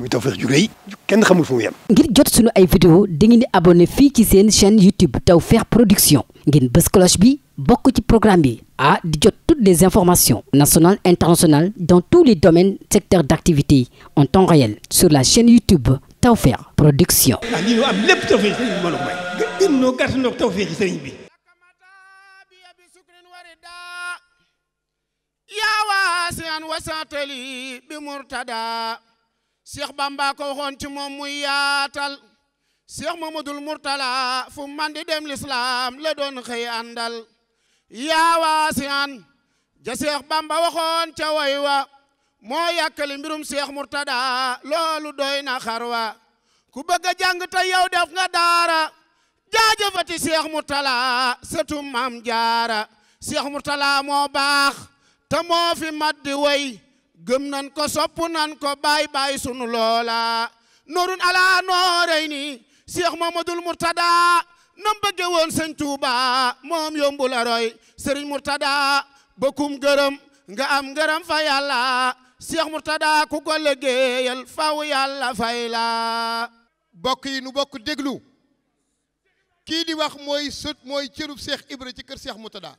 muy Tawfekh ju rëy kenn xamul fu mu yem. ngir jot sunu ay vidéo dangeen di abonné fii ci seen chaîne YouTube Tawfekh Production ngeen bës bi bokk ci programme bi ah di jot toutes les informations nationales internationales dans tous les domaines secteurs d'activité en temps réel sur la chaîne YouTube Tawfekh Production. ah lii ñu am lépp Tawfekh sëriñ bi ma la may. gën gën ñoo gàtt ñoo Tawfekh sëriñ bi. يا واسعا Cheikh Bamba ko waxoon ci moom muy yaatal Cheikh Mamadul Murtala fu man di dem lislaam la doon xëy àndal yaawaasi an ja Cheikh Bamba waxoon ca way wa moo yàkkali mbirum Cheikh Murtada loolu doy na xarwa ku bëgg a jàng te yow nga daara jaajëfati Cheikh Murtala sëtu maam jaara Cheikh Murtala moo baax te moo fi mat way gëm nan ko sopp nan ko baay baay sunu loola noorun ala nooray ni Cheikh Mamadul Murtada nam bëgge woon sëntuuba Tuuba moom yombu la roy sëriñ Murtada bëkkum gërëm nga am ngërëm fa yàlla Cheikh Murtada ku ko liggéeyal faw yàlla fay la bokk yi nu bokk déglu kii di wax mooy sët mooy cërub Cheikh Ibra ci kër Cheikh Murtada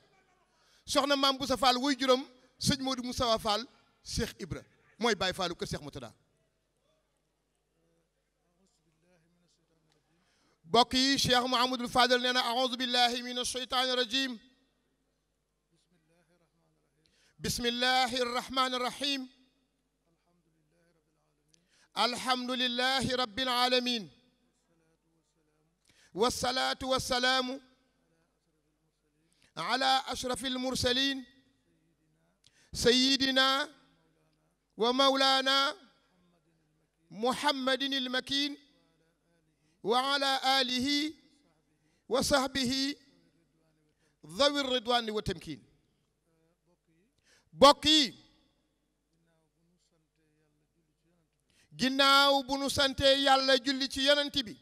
soxna maam Boussa Fall wuy juróom sëñ Modou Moussa Fall Cheikh Ibra mooy Baye Fallou kër Cheikh Moutada bokk yi Cheikh Mouhamadul Fadel nee na aouzu billahi min asheytaani rajim bismillahi rahmaani rahim alhamdulillahi rabbil alamin wasalaatu wasalaamu ala ashrafil mursalin sayidina wa mawlaana muhammadin ilmakin wa ala alihi wa sahbihi dhawi ridwani wa tamkin bokk yi ginnaaw bu nu santee yàlla julli ci yonent bi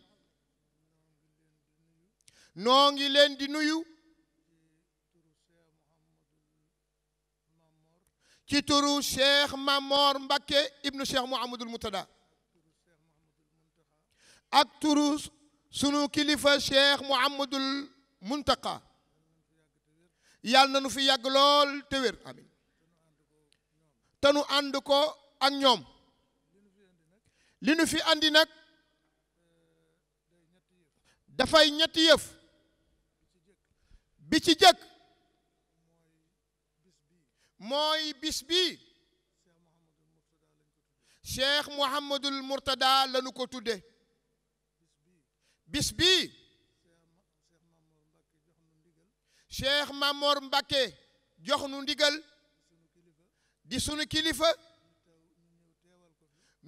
noo ngi leen di nuyu ci turu cheikh Mamor Mbakke ibnu cheikh Mouhamadul Moutada ak turu sunu kilifa cheikh Mouhamadul Muntaka yàlla na nu fi yàgg lool te wér amin te nu ànd ko ak ñoom li nu fi andi nag dafay ñetti yëf bi ci jëkk mooy bis bi cheikh Mouhamadul Mourtada lañu ko tudde bis bi cheikh Mamor Mbacke jox nu ndigal di sunu kilifa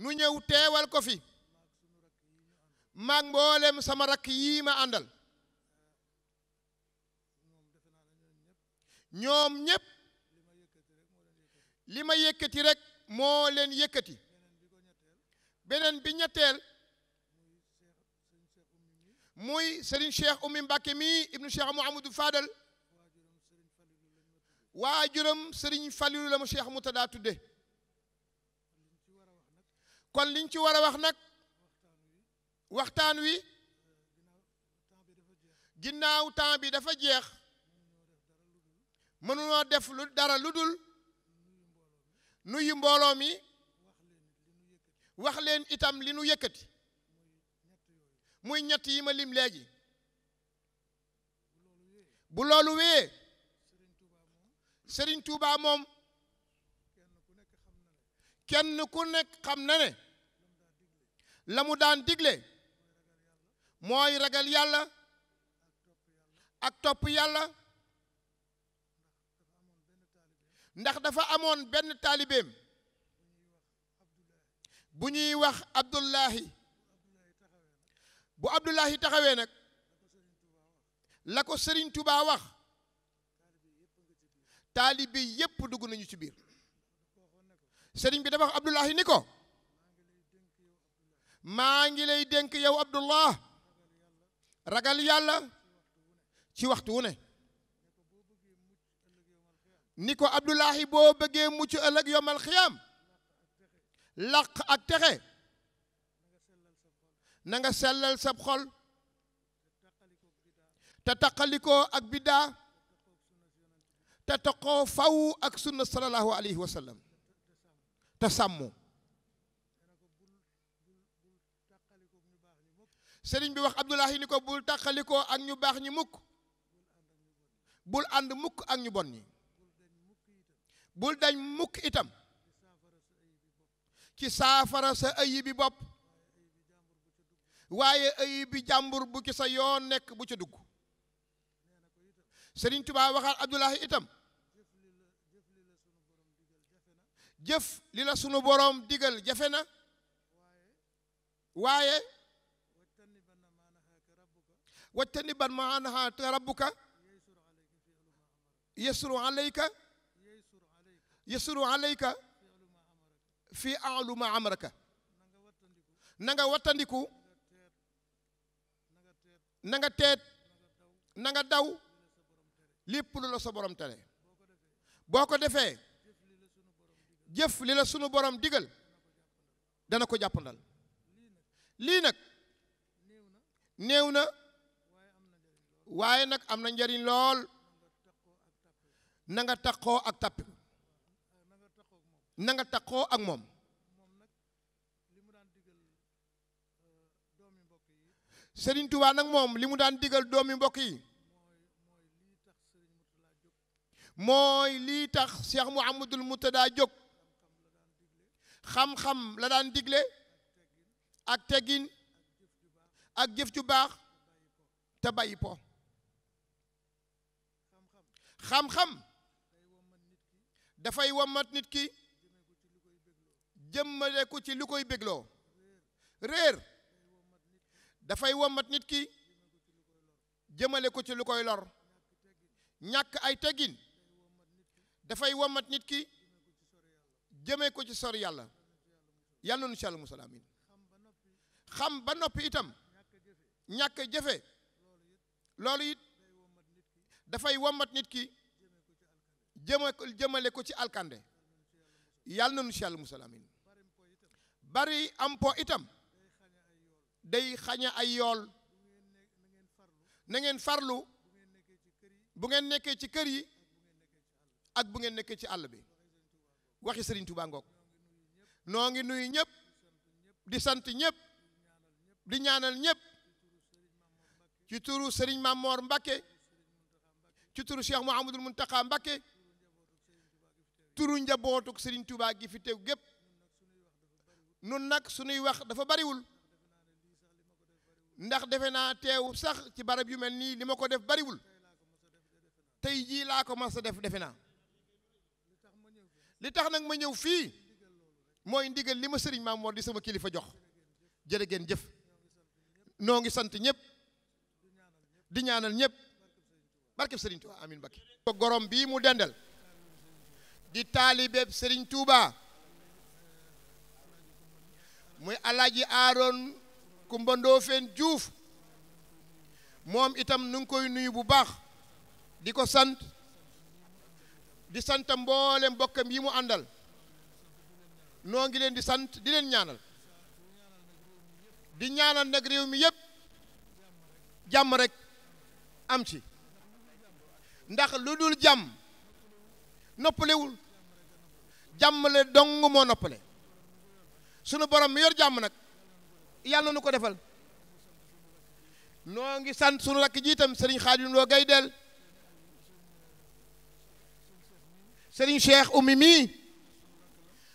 nu ñëw teewal ko fi maag mboolem sama rakk yii ma àndal ñoom ñépp li ma yëkkati rek moo leen yëkkati beneen bi ñetteel muy Serigne Cheikh Oumy Mbacké mi ibnu Cheikh Mouhamadou Fadal waajuram Serigne Falilu la mu Cheikh Moutada tudde kon liñ ci war a wax nag waxtaan wi ginnaaw temps bi dafa jeex mënunoo def lu dara lu nuyu mbooloo mi wax leen itam li nu yëkkati muy ñett yi ma lim léegi bu loolu wéyee Serigne Touba moom kenn ku nekk xam na ne la mu daan digle mooy ragal yàlla ak topp yàlla ndax dafa amoon benn taalibeem bu ñuy wax Abdullahi bu Abdullahi taxawee nag la ko Sëriñ Tuubaa wax taalibe yépp dugg nañu ci biir sëriñ bi dafa wax Abdullahi ni ko maa ngi lay dénk yow Abdullah ragal yàlla ci waxtu wu ne ni ko Abdullahi boo bëggee mucc ëllëg yomal xiyaam làq ak texe na nga sellal sab xol te taqalikoo ak biddaa te taqoo faw ak sunna sallallahu alayhi wa sallam te sàmmu sëriñ bi wax Abdullahi ni ko bul taqalikoo ak ñu baax ñi mukk bul ànd mukk ak ñu bon ñi bul dañ mukk itam ci saafara sa ayibi bopp waaye ayibi jàmbur bu ci sa yoon nekk bu ca dugg Sëriñ Tuubaa waxaat Abdullahi itam jëf li la sunu boroom digal jafe na waaye wajtani ban ma anaha rabbuka yasru alayka yasuru alayka fii aluma amraka na nga wattandiku na nga teet na nga daw lépp lu la sa borom tere boo ko defee jëf li na sunu borom digal dana ko jàppandal lii nag néew na waaye nag am na njariñ lool na nga takkoo ak tàpp na nga takkoo ak moom Sëriñ Tuubaa nag moom li mu daan digal doomi mbokk yi mooy lii tax Cheikh Mouhamadul Moutada jóg xam-xam la daan digle ak teggin ak jëf ju baax te bàyyi po xam-xam dafay wommat nit ki jëmmale ko ci lu koy bégloo réer dafay wommat nit ki jëmale ko ci lu koy lor ñàkk ay teggin dafay wommat nit ki jëmee ko ci sori yàlla yàlla nu ci amin xam ba noppi itam ñàkk jëfe loolu it dafay wommat nit ki jëme jëmale ko ci alkande yàlla na nu ci yàlla bari am po itam day xaña ay yool na ngeen farlu bu ngeen nekkee ci kër yi ak bu ngeen nekkee ci àll bi waxi Sëriñ Tuubaa ngoog noo ngi nuyu ñëpp di sant ñëpp di ñaanal ñëpp ci turu sëriñ Mamor Mbakke ci turu Cheikh Mouhamadul Muntaqa Mbakke turu njabootuk Sëriñ Tuubaa gi fi teew gépp nun nag suñuy wax dafa bariwul ndax defe naa teew sax ci barab yu mel nii li ma ko def bariwul tey jii laa ko mas def defe naa li tax nag ma ñëw fii mooy ndigal li ma sëriñ Maam Mor di sama kilifa jox jërë ngeen jëf noo ngi sant ñëpp di ñaanal ñëpp barkeb sëriñ Touba amin bakki gorom bii mu dendal di taalibeeb sëriñ Touba muy alaaji aaroon Kumba Ndoofeen Juuf moom itam nu koy nuyu bu baax di ko sant di sant mboole mbokkam yi mu àndal noo ngi leen di sant di leen ñaanal di ñaanal nag réew mi yépp jàmm rek am ci ndax lu dul jàmm noppalewul jàmm le dong moo noppale sunu borom mi yor jàmm nag yàlla na nu ko defal noo ngi sant sunu rakk ji itam sëriñ Xaadim Lo gay del sëriñ Cheikh Oumy mii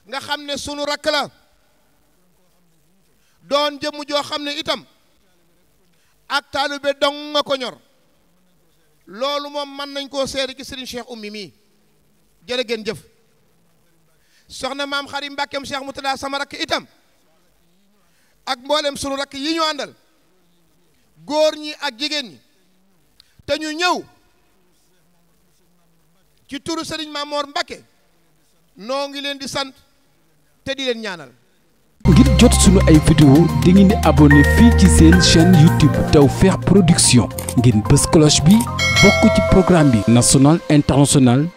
nga xam ne sunu rakk la doon jëmm joo xam ne itam ak taalibe dong nga ko ñor loolu moom mën nañ koo seede ci sëriñ Cheikh Oumy mii jërë ngeen jëf soxna maam xarim mbàkkeem cheikh moutada sama rakk itam ak mboolem sunu rakk yi ñu àndal góor ñi ak jigéen ñi te ñu ñëw ci turu sëriñ Maamoor Mbakke noo ngi leen di sant te di leen ñaanal ngir jot suñu ay vidéo di ngeen di abonné fii ci seen chaîne YouTube Tawfekh Production ngeen bës cloche bi bokk ci programme bi national international